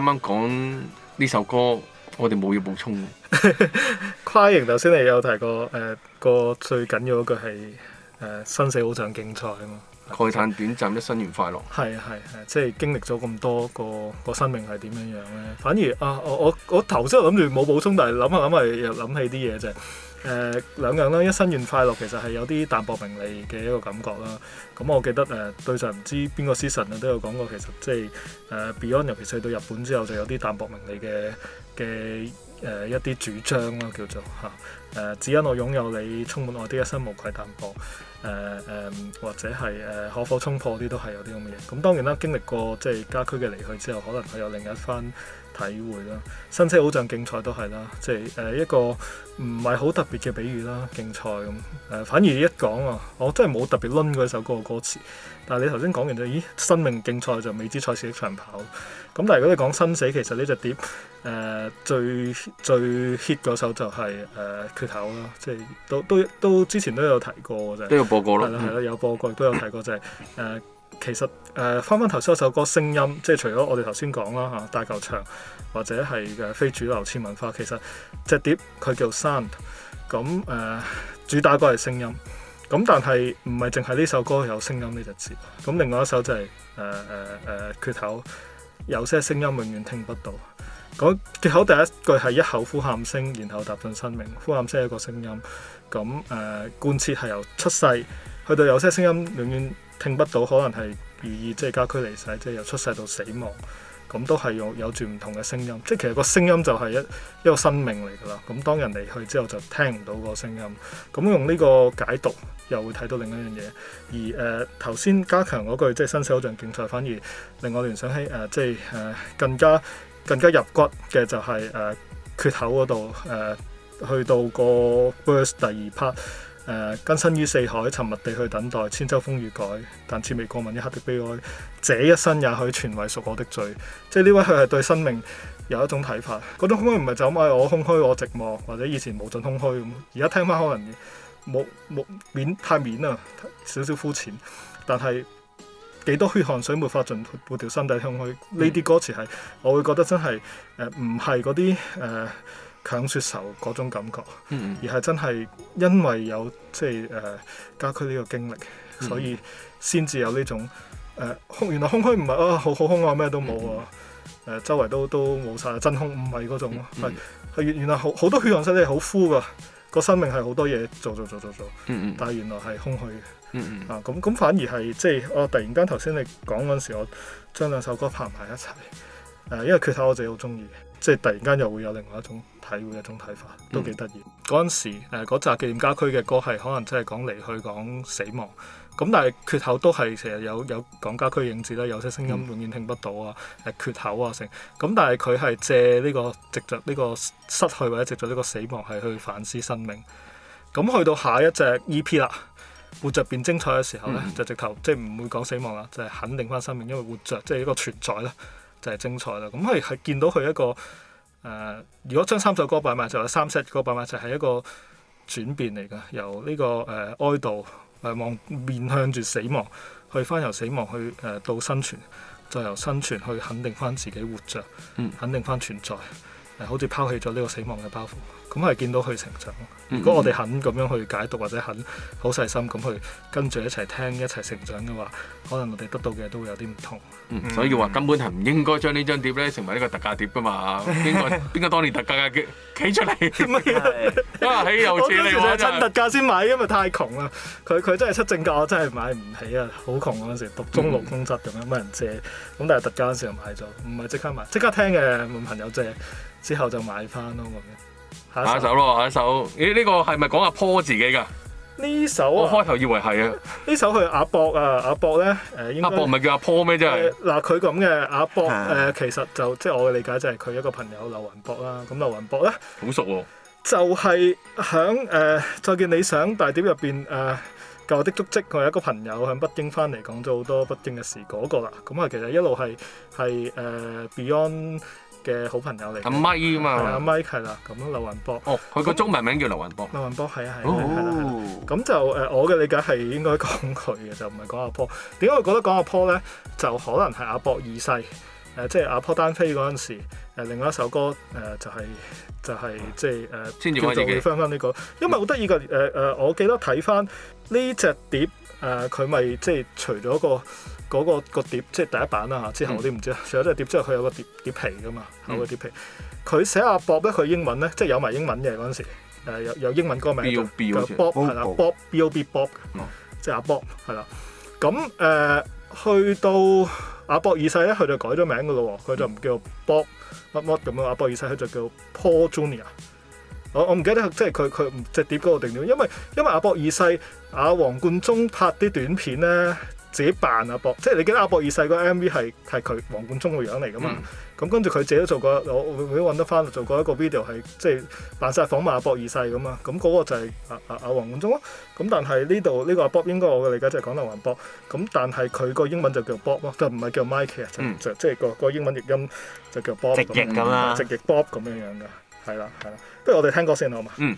啱啱講呢首歌，我哋冇要補充。跨型頭先你有提過，誒、呃、個最緊要嗰句係誒、呃、生死好像競賽啊嘛。慨嘆短暫，一生願快樂。係啊係即係經歷咗咁多個個生命係點樣樣咧。反而啊我我我頭先諗住冇補充，但係諗下諗下又諗起啲嘢啫。誒兩、呃、樣啦，一生願快樂其實係有啲淡泊名利嘅一個感覺啦。咁、嗯、我記得誒、呃、對上唔知邊個 season 啊都有講過，其實即、就、係、是呃、Beyond，尤其去到日本之後就有啲淡泊名利嘅嘅誒一啲主張啦，叫做嚇誒只因我擁有你，充滿我啲一生無愧淡泊，誒、呃、誒、呃，或者係誒、呃、可否衝破啲都係有啲咁嘅嘢。咁、嗯、當然啦，經歷過即係家駒嘅離去之後，可能佢有另一番體會啦，新車偶像競賽都係啦，即係誒、呃、一個唔係好特別嘅比喻啦，競賽咁誒、呃。反而一講啊，我真係冇特別 run 首歌嘅歌詞，但係你頭先講完就咦，生命競賽就未知賽事嘅長跑。咁但係如果你講生死，其實呢隻碟誒、呃、最最 hit 嗰首就係誒缺口啦，即係都都都之前都有提過就啫。都有播過咯，係啦係啦，有播過都有提過就係、是、誒。呃其實誒翻翻頭先嗰首歌聲音，即係除咗我哋頭先講啦嚇大球場或者係嘅非主流次文化，其實隻碟佢叫做 Sound，咁誒、呃、主打歌係聲音，咁但係唔係淨係呢首歌有聲音呢隻字咁，另外一首就係誒誒誒缺口，有些聲音永遠聽不到。咁缺口第一句係一口呼喊聲，然後踏進生命，呼喊聲係一個聲音，咁誒、呃、貫徹係由出世去到有些聲音永遠。聽不到可能係寓意，即係家駒離世，即係由出世到死亡，咁都係有有住唔同嘅聲音。即係其實個聲音就係一一個生命嚟㗎啦。咁當人離去之後就聽唔到個聲音。咁用呢個解讀又會睇到另一樣嘢。而誒頭先加強嗰句，即係生死考證競賽，反而令我聯想起誒、呃，即係誒、呃、更加更加入骨嘅就係、是、誒、呃、缺口嗰度誒，去到個 verse 第二 part。誒，根深、呃、於四海，沉默地去等待，千秋風雨改，但似未過問一刻的悲哀。這一生也許全為屬我的罪。即係呢位佢係對生命有一種睇法，嗰種空虛唔係就咁啊！我空虛，我寂寞，或者以前無盡空虛咁。而家聽翻可能冇冇勉太面啊，少少膚淺。但係幾多血汗水沒法盡抱條身體空虛。呢啲、嗯、歌詞係我會覺得真係唔係嗰啲誒。呃強説愁嗰種感覺，嗯嗯而係真係因為有即係誒家區呢個經歷，所以先至有呢種誒、呃、空原來空虛唔係啊，好好空啊，咩都冇啊，誒、嗯嗯呃、周圍都都冇晒，真空唔係嗰種，係原、嗯嗯、原來好好多血汗，室咧好枯 u l 個生命係好多嘢做做做做做，但係原來係空虛嘅，咁咁反而係即係我，啊，突然間頭先你講嗰陣時，我將兩首歌拍埋一齊誒、啊，因為決賽我自己好中意，即係突然間又會有，有另外一種。體會一種睇法，都幾得意。嗰陣、嗯、時，誒、呃、嗰集《記念家區》嘅歌係可能真係講離去、講死亡，咁但係缺口都係其實有有講家區影子啦，有些聲音永遠聽不到啊，誒、嗯呃、缺口啊成。咁但係佢係借呢、這個直着呢個失去或者直着呢個死亡係去反思生命。咁去到下一隻 E.P. 啦，活着變精彩嘅時候呢，嗯、就直頭即係唔會講死亡啦，就係、是、肯定翻生命，因為活着，即、就、係、是、一個存在啦，就係精彩啦。咁佢係見到佢一個。誒、呃，如果將三首歌擺埋就係三 set 歌擺埋就係、是、一個轉變嚟嘅，由呢、這個誒、呃、哀悼誒望、呃、面向住死亡，去翻由死亡去誒、呃、到生存，再由生存去肯定翻自己活着，肯定翻存在，誒、呃、好似拋棄咗呢個死亡嘅包袱。咁係見到佢成長，如果我哋肯咁樣去解讀，嗯、或者肯好細心咁去跟住一齊聽一齊成長嘅話，可能我哋得到嘅嘢都會有啲唔同、嗯。所以話根本係唔應該將呢張碟咧成為呢個特價碟噶嘛？邊個邊個當年特價嘅企出嚟？ 我當時就趁特價先買，因為太窮啦。佢佢真係出正價，我真係買唔起啊！好窮嗰陣時，讀中六公職咁樣，乜人借咁？但係特價嗰時就買咗，唔係即刻買，即刻聽嘅問朋友借，之後就買翻咯。下一首咯，下一首。咦，呢個係咪講阿坡自己噶？呢首，啊、我開頭以為係啊。呢 首係阿博啊，阿博咧，誒，呃呃，阿博唔係叫阿坡咩？真係嗱，佢咁嘅阿博，誒，其實就即係我嘅理解就係佢一個朋友劉雲，啊、博啦。咁劉雲博咧，好熟喎，啊。就係響誒，再見理想大碟入邊誒，舊、呃、的足跡佢係一個朋友響北京翻嚟講咗好多北京嘅事嗰，那個啦。咁啊，其實一路係係誒 Beyond。嘅好朋友嚟，阿咪啊嘛，阿 Mike 係啦，咁劉雲波，哦，佢個中文名叫劉雲波，劉雲波係啊係，咁就誒、呃，我嘅理解係應該講佢嘅，就唔係講阿波。點解我覺得講阿波咧，就可能係阿波二世，誒、呃，即、就、係、是、阿波單飛嗰陣時、呃，另外一首歌、就，誒、是，就係就係即係、啊、誒，先至可以翻翻呢個，啊、明因為好得意嘅，誒、呃、誒，我、呃呃呃、記得睇翻呢隻碟，誒、呃，佢咪即係除咗個。嗰、那個、那個碟即係第一版啦吓，之後我都唔知啦，除咗隻碟之後佢有個碟碟皮噶嘛，有個碟皮佢、嗯、寫阿博咧，佢英文咧即係有埋英文嘅嗰陣時，有有英文,有英文歌名就博係啦，Bob B O B Bob 即係阿博係啦，咁、嗯、誒去到阿博二世咧，佢就改咗名噶咯，佢就唔叫 Bob 乜乜咁樣，阿博二世佢就叫 Paul Junior。我我唔記得即係佢佢唔即係碟嗰個定點，因為因為,因為阿博二世阿黃貫中拍啲短片咧。自己扮阿博，即係你記得阿博二世個 M V 係係佢黃貫中個樣嚟噶嘛？咁跟住佢自己都做過，我會揾得翻做過一個 video 係即係扮晒訪問阿博二世咁啊！咁嗰個就係阿阿阿黃貫中咯。咁但係呢度呢個阿 Bob 應該我嘅理解就係講劉雲博。咁但係佢個英文就叫 Bob 咯，唔係叫 Mike 啊、嗯，就即係個個英文譯音就叫 Bob 直譯 Bob 咁樣 Bob，樣噶，係啦係啦。不如我哋聽歌先好嘛。嗯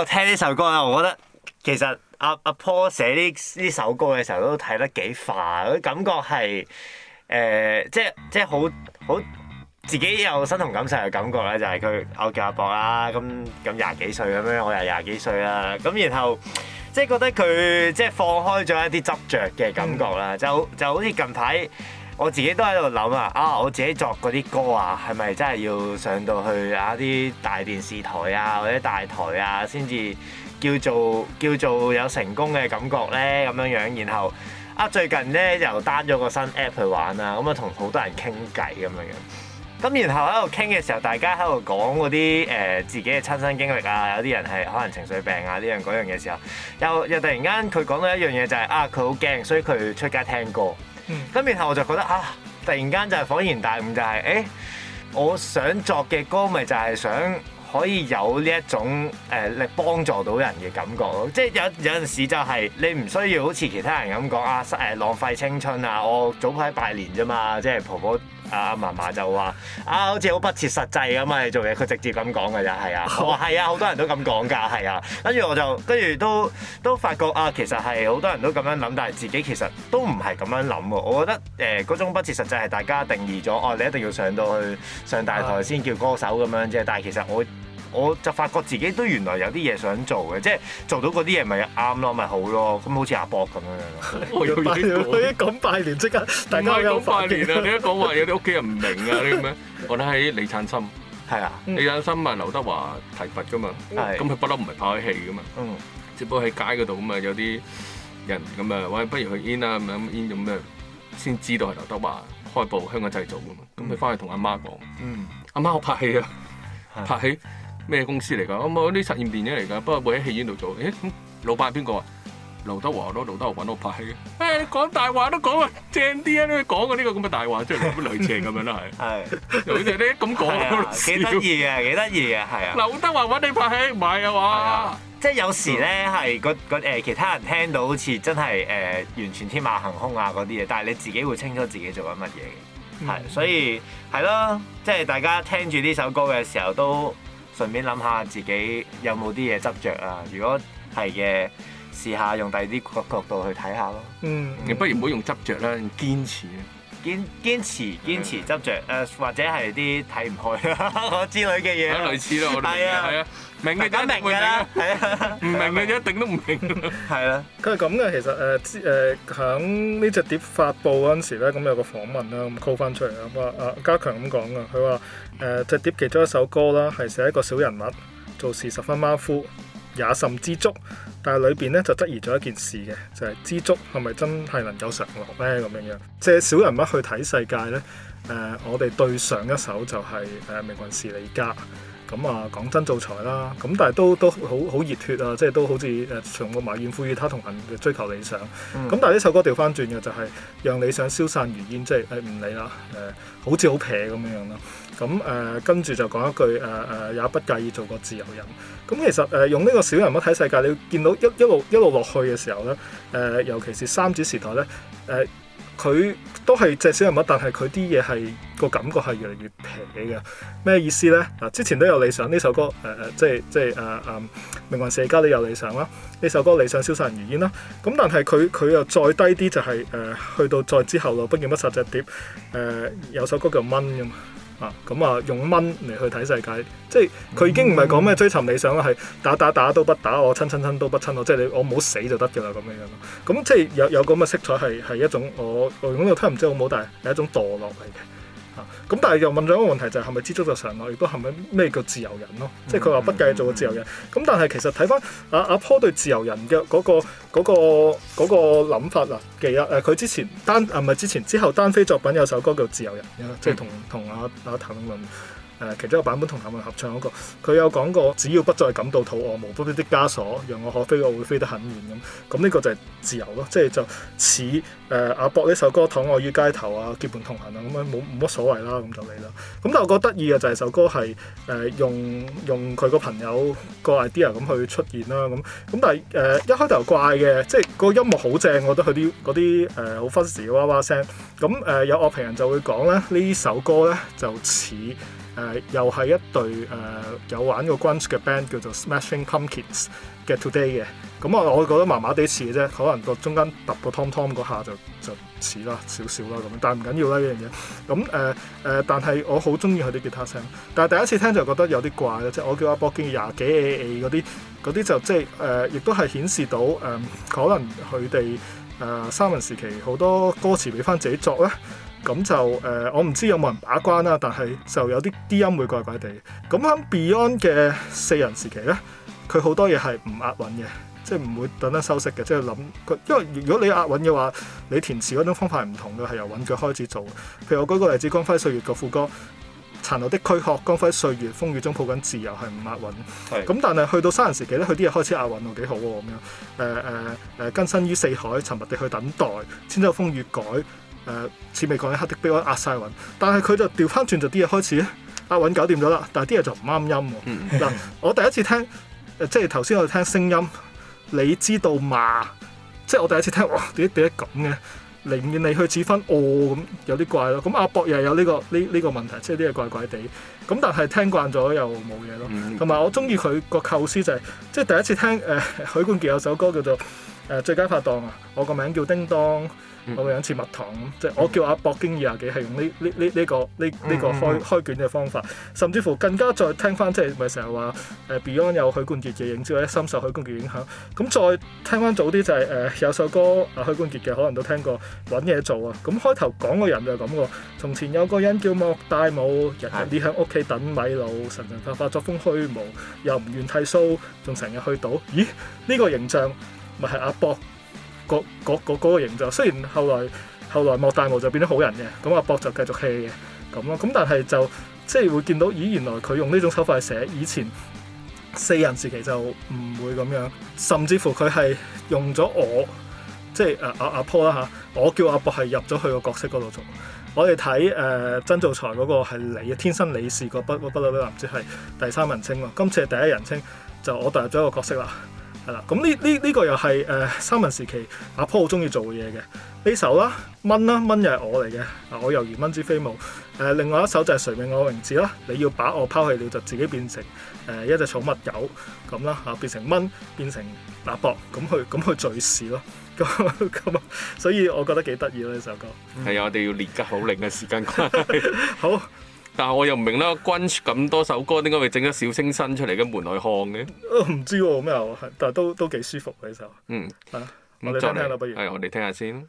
我聽呢首歌咧，我覺得其實阿阿 Paul 寫呢呢首歌嘅時候都睇得幾化，佢感覺係誒、呃，即係即係好好自己有身同感受嘅感覺咧，就係、是、佢我叫阿博啦，咁咁廿幾歲咁樣，我又廿幾歲啦，咁然後即係覺得佢即係放開咗一啲執着嘅感覺啦，就就好似近排。我自己都喺度諗啊，啊我自己作嗰啲歌啊，係咪真係要上到去啊啲大電視台啊或者大台啊先至叫做叫做有成功嘅感覺呢？咁樣樣，然後啊最近呢，又 down 咗個新 app 去玩啊，咁啊同好多人傾偈咁樣樣，咁然後喺度傾嘅時候，大家喺度講嗰啲誒自己嘅親身經歷啊，有啲人係可能情緒病啊呢樣嗰樣嘅時候，又又突然間佢講到一樣嘢就係啊佢好驚，所以佢出街聽歌。咁然後我就覺得啊，突然間就恍然大悟，就係誒，我想作嘅歌咪就係想可以有呢一種誒力幫助到人嘅感覺咯。即係有有陣時就係你唔需要好似其他人咁講啊，誒浪費青春啊，我早排拜年啫嘛，即係婆婆。啊！阿嫲嫲就話啊，好似好不切實際咁啊，做嘢佢直接咁講㗎咋係啊，話係啊，好多人都咁講㗎，係啊，跟住我就跟住都都發覺啊，其實係好多人都咁樣諗，但係自己其實都唔係咁樣諗喎。我覺得誒嗰、呃、種不切實際係大家定義咗，哦、啊，你一定要上到去上大台先叫歌手咁樣啫，但係其實我。我就發覺自己都原來有啲嘢想做嘅，即係做到嗰啲嘢咪啱咯，咪好咯。咁好似阿博咁樣樣。 我咁 拜年即刻大家，唔係咁拜年啊！你一講話有啲屋企人唔明啊！你咁樣，我睇喺李燦森，係啊，嗯、李燦森問劉德華提拔㗎嘛，咁佢是不嬲唔係拍戲㗎嘛，嗯、只不過喺街嗰度咁啊，有啲人咁啊，喂，不如去 in 啊咁 in 咁啊，先知道係劉德華開部香港製造㗎嘛。咁佢返去同阿媽講，阿媽、嗯嗯啊、我拍戲啊，拍戲。 咩公司嚟噶？我冇啲實驗電影嚟噶，不過會喺戲院度做。誒，老闆邊個啊？劉德華咯，劉德華揾我拍戲嘅。誒，你講大話都講啊，正啲啊！你講過呢個咁嘅大話，即係類似咁樣啦，係。係，好似你咁講咁樣，幾得意嘅！幾得意嘅！係啊，劉德華揾你拍戲唔係嘅話，即係有時咧，係嗰嗰誒其他人聽到好似真係誒完全天馬行空啊嗰啲嘢，但係你自己會清楚自己做緊乜嘢嘅，係所以係咯，即係大家聽住呢首歌嘅時候都。順便諗下自己有冇啲嘢執着啊？如果係嘅，試下用第二啲角角度去睇下咯。嗯，你不如唔好用執着啦，樣堅持啊。堅持堅持執着，誒或者係啲睇唔開嗰，之類嘅嘢。類似咯，我哋嘅。係啊係啊。明明就明嘅，係啊，唔明嘅一定都唔明。係啦、 啊，佢係咁嘅，其實誒，誒、呃，響呢隻碟發布嗰陣時咧，咁、嗯、有個訪問啦，咁 call 翻出嚟咁話，阿、啊、加強咁講噶，佢話誒，隻、呃、碟其中一首歌啦，係寫一個小人物，做事十分馬虎，也甚知足，但係裏邊咧就質疑咗一件事嘅，就係、是、知足係咪真係能夠常樂咧咁樣樣，借小人物去睇世界咧，誒、呃，我哋對上一首就係、是、誒《命運是你家》。咁啊，講真做才啦，咁但係都都，都好好熱血啊，即係都好似誒從個埋怨賦予他同行嘅追求理想。咁、嗯、但係呢首歌調翻轉嘅就係讓理想消散如煙，即係誒唔理啦，誒、呃、好似好撇咁樣樣咯。咁誒跟住就講一句誒誒、呃，也不介意做個自由人。咁、嗯、其實誒、呃、用呢個小人物睇世界，你見到一一路一路落去嘅時候咧，誒、呃、尤其是三子時代咧，誒、呃、佢。都係隻小人物，但係佢啲嘢係個感覺係越嚟越平嘅。咩意思呢？嗱，之前都有理想呢首歌，誒、呃、誒，即係即係誒誒，《命運社交》都有理想啦，呢首歌理想消散如煙啦。咁但係佢佢又再低啲、就係，就係誒去到再之後咯，不見不散隻碟，誒、呃、有首歌叫蚊噶啊，咁啊用蚊嚟去睇世界，即係佢已經唔係講咩追尋理想啦，係、嗯、打打打都不打我，親親親都不親我，即係你我唔好死就得嘅啦咁樣咯、啊。咁、嗯、即係有有咁嘅色彩係係一種我我用咁又聽唔知好唔好，但係係一種墮落嚟嘅。咁、嗯嗯嗯嗯，但係又問咗一個問題，就係係咪知足就常樂，亦都係咪咩叫自由人咯？即係佢話不介意做個自由人。咁但係其實睇翻阿阿 Paul 對自由人嘅嗰、嗰個嗰、嗰個嗰、嗰個諗、嗰個、法啊嘅一佢之前單啊，唔係之前，之後單飛作品有首歌叫《自由人》嘅，嗯，即係同同阿阿譚詠麟。誒，其中一個版本同阿雲合唱嗰、那個，佢有講過，只要不再感到肚餓，無分別的枷鎖，讓我可飛，我會飛得很遠咁。咁呢個就係自由咯，即係就似誒阿博呢首歌《躺卧於街頭》啊，結伴同行啊，咁樣冇冇乜所謂啦，咁就嚟啦。咁但係我覺得得意嘅就係首歌係誒、呃、用用佢個朋友個 idea 咁去出現啦。咁咁但係誒、呃、一開頭怪嘅，即、就、係、是、個音樂好正，我覺得佢啲嗰啲誒好 fuzzy 嘅哇哇聲。咁誒、呃、有樂評人就會講咧，呢首歌咧就似。誒、呃、又係一隊誒、呃、有玩過 grunge 嘅 band 叫做 Smashing Pumpkins 嘅 Today 嘅，咁、嗯、我我覺得麻麻地似嘅啫，可能個中間揼個 Tom Tom 嗰下就就似啦少少啦咁，但係唔緊要啦呢樣嘢。咁誒誒，但係我好中意佢啲吉他聲。但係第一次聽就覺得有啲怪嘅，即係我叫阿波經廿幾 A A 嗰啲嗰啲就即係誒、呃，亦都係顯示到誒、呃，可能佢哋誒三文時期好多歌詞俾翻自己作啦。咁就誒、呃，我唔知有冇人把關啦，但係就有啲啲音會怪怪地。咁喺 Beyond 嘅四人時期呢，佢好多嘢係唔押韻嘅，即係唔會等得收息嘅，即係諗。因為如果你押韻嘅話，你填詞嗰種方法係唔同嘅，係由韻腳開始做。譬如我舉個例子，《光輝歲月》個副歌《殘留的軀殼》，《光輝歲月》風雨中抱緊自由係唔押韻。咁是但係去到三人時期呢，佢啲嘢開始押韻，又幾好咁樣。誒誒誒，更新於四海，沉默地去等待，千秋風雨改。誒、呃、似未講啲黑的俾我壓晒韻，但係佢就調翻轉就啲嘢開始咧，壓、啊、韻搞掂咗啦，但係啲嘢就唔啱音喎。嗱、 啊，我第一次聽，呃、即係頭先我哋聽聲音，你知道嘛？即係我第一次聽，哇點點解咁嘅？寧願你去指翻哦咁，有啲怪咯。咁、啊、阿博又有呢、呢個呢呢、呢個問題，即係啲嘢怪怪地。咁但係聽慣咗又冇嘢咯。同埋 我中意佢個構思就係、係，即係第一次聽誒、呃、許冠傑有首歌叫做。誒、呃、最佳拍檔啊！我個名叫叮當，嗯、我個樣似蜜糖、嗯、即係我叫阿博經二啊幾，係用呢呢呢呢個呢呢、這個開開卷嘅方法。嗯嗯、甚至乎更加再聽翻，即係咪成日話 Beyond 有許冠傑嘅影子咧，深受許冠傑影響。咁、嗯、再聽翻早啲就係、是、誒、呃、有首歌啊，許冠傑嘅可能都聽過揾嘢做啊。咁開頭講個人就係咁喎。從前有個人叫莫大毛，日日匿響屋企等米路神神化化，作風虛無，又唔願剃須，仲成日去賭。咦？呢、這個形象。咪係阿博嗰、嗰個形象，雖然後來後來莫大無就變咗好人嘅，咁阿博就繼續 hea 嘅咁咯。咁但係就即係會見到，咦，原來佢用呢種手法去寫，以前四人時期就唔會咁樣，甚至乎佢係用咗我，即係阿阿 Paul 啦嚇，我叫阿博係入咗佢個角色嗰度做。我哋睇誒曾造才嗰個係你，天生你是個不不老女，或者係第三人稱喎。今次係第一人稱，就我代入咗一個角色啦。係啦，咁呢呢呢個又係誒三文時期阿坡好中意做嘅嘢嘅呢首啦，蚊啦，蚊又係我嚟嘅，我猶如蚊之飛舞。誒、呃，另外一首就係誰命我名字啦，你要把我拋棄了，就自己變成誒、呃、一隻寵物狗咁啦，嚇、啊、變成蚊，變成阿坡咁去咁去詛咒咯。咁咁啊，所以我覺得幾得意咧呢首歌。係啊、嗯，我哋要列吉好令嘅時間快好。但係我又唔明啦，Grunge 咁多首歌點解會整咗小清新出嚟嘅門外漢嘅？我唔知咩又係，但係都都幾舒服嘅呢首。嗯，啊，嗯，我哋聽下啦，理不如係我哋聽下先。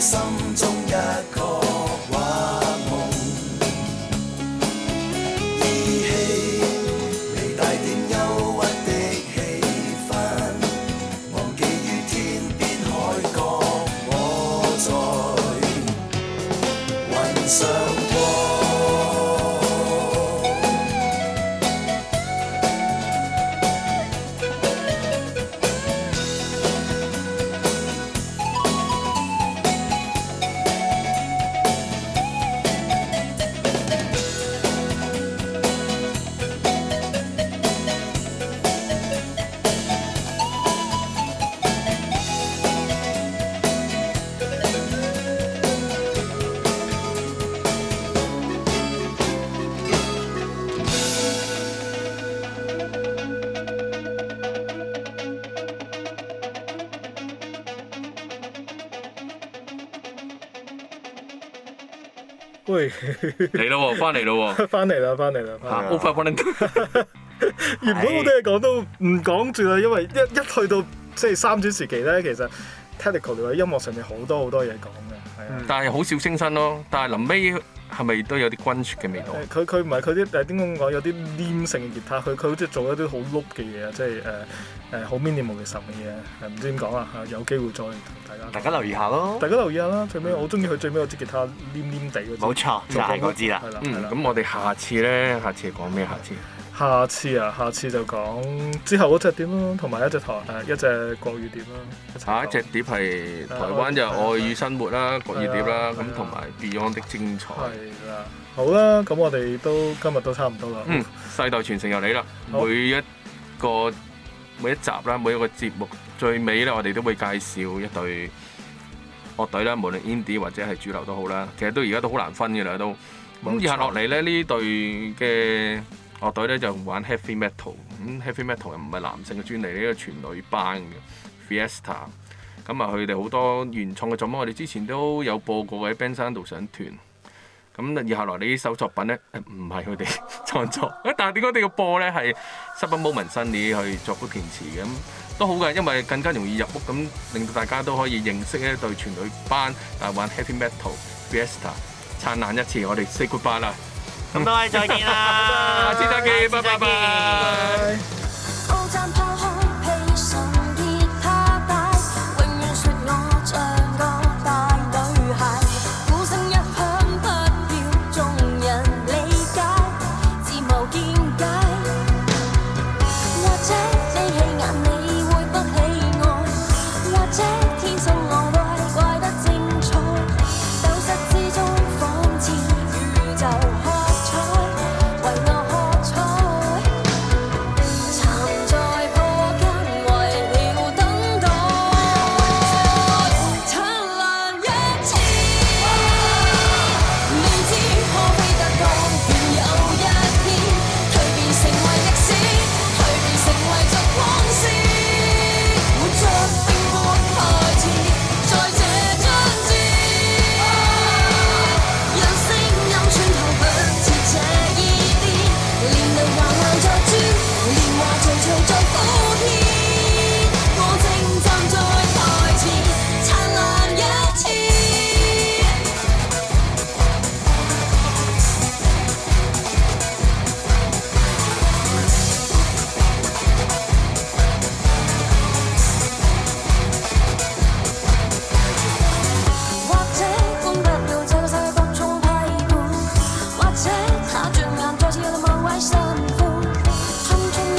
心中。嚟咯，翻嚟咯，翻嚟啦，翻嚟啦。嚇，over 原本好多嘢講都唔講住啦，因為一一去到即係三轉時期咧，其實 technical 嘅音樂上面好多好多嘢講嘅。係啊，嗯、但係好少清新咯，但係臨尾。係咪都有啲軍樂嘅味道？佢佢唔係，佢啲誒點講，講有啲黏性嘅吉他，佢佢好似做一啲好碌嘅嘢啊，即係誒誒好 minimal 嘅十嘅嘢，係、呃、唔知點講啊！有機會再大家大家留意下咯，大家留意下啦。最尾、嗯、我中意佢最尾嗰支吉他黏黏地嗰支，冇錯，廿個字啦。嗯，咁我哋下次咧，下次講咩？下次？嗯下次啊，下次就講之後嗰隻碟啦，同埋一隻台，誒一隻國語碟啦。下一隻碟係台灣就《愛與生活》啦，《國語碟》啦，咁同埋 Beyond 的精彩。係啦，好啦，咁我哋都今日都差唔多啦。嗯，世代傳承由你啦，每一個每一集啦，每一個節目最尾咧，我哋都會介紹一隊樂隊啦，無論 Indie 或者係主流都好啦，其實都而家都好難分嘅啦都。咁以下落嚟咧，呢隊嘅。樂隊咧就玩 heavy metal，咁 heavy metal 又唔係男性嘅專利，呢個全女班嘅 Fiesta，咁啊佢哋好多原創嘅作品，我哋之前都有播過喺 Band 山度上團。咁以下來呢首作品咧，唔係佢哋創作，但係點解哋要播咧？係 Supper Moment Sunny 去作曲填詞嘅，咁都好嘅，因為更加容易入屋，咁令到大家都可以認識一隊全女班啊玩 heavy metal Fiesta，燦爛一次，我哋 say goodbye 啦。咁多位再見啦！Bye. 下次再見，拜拜拜。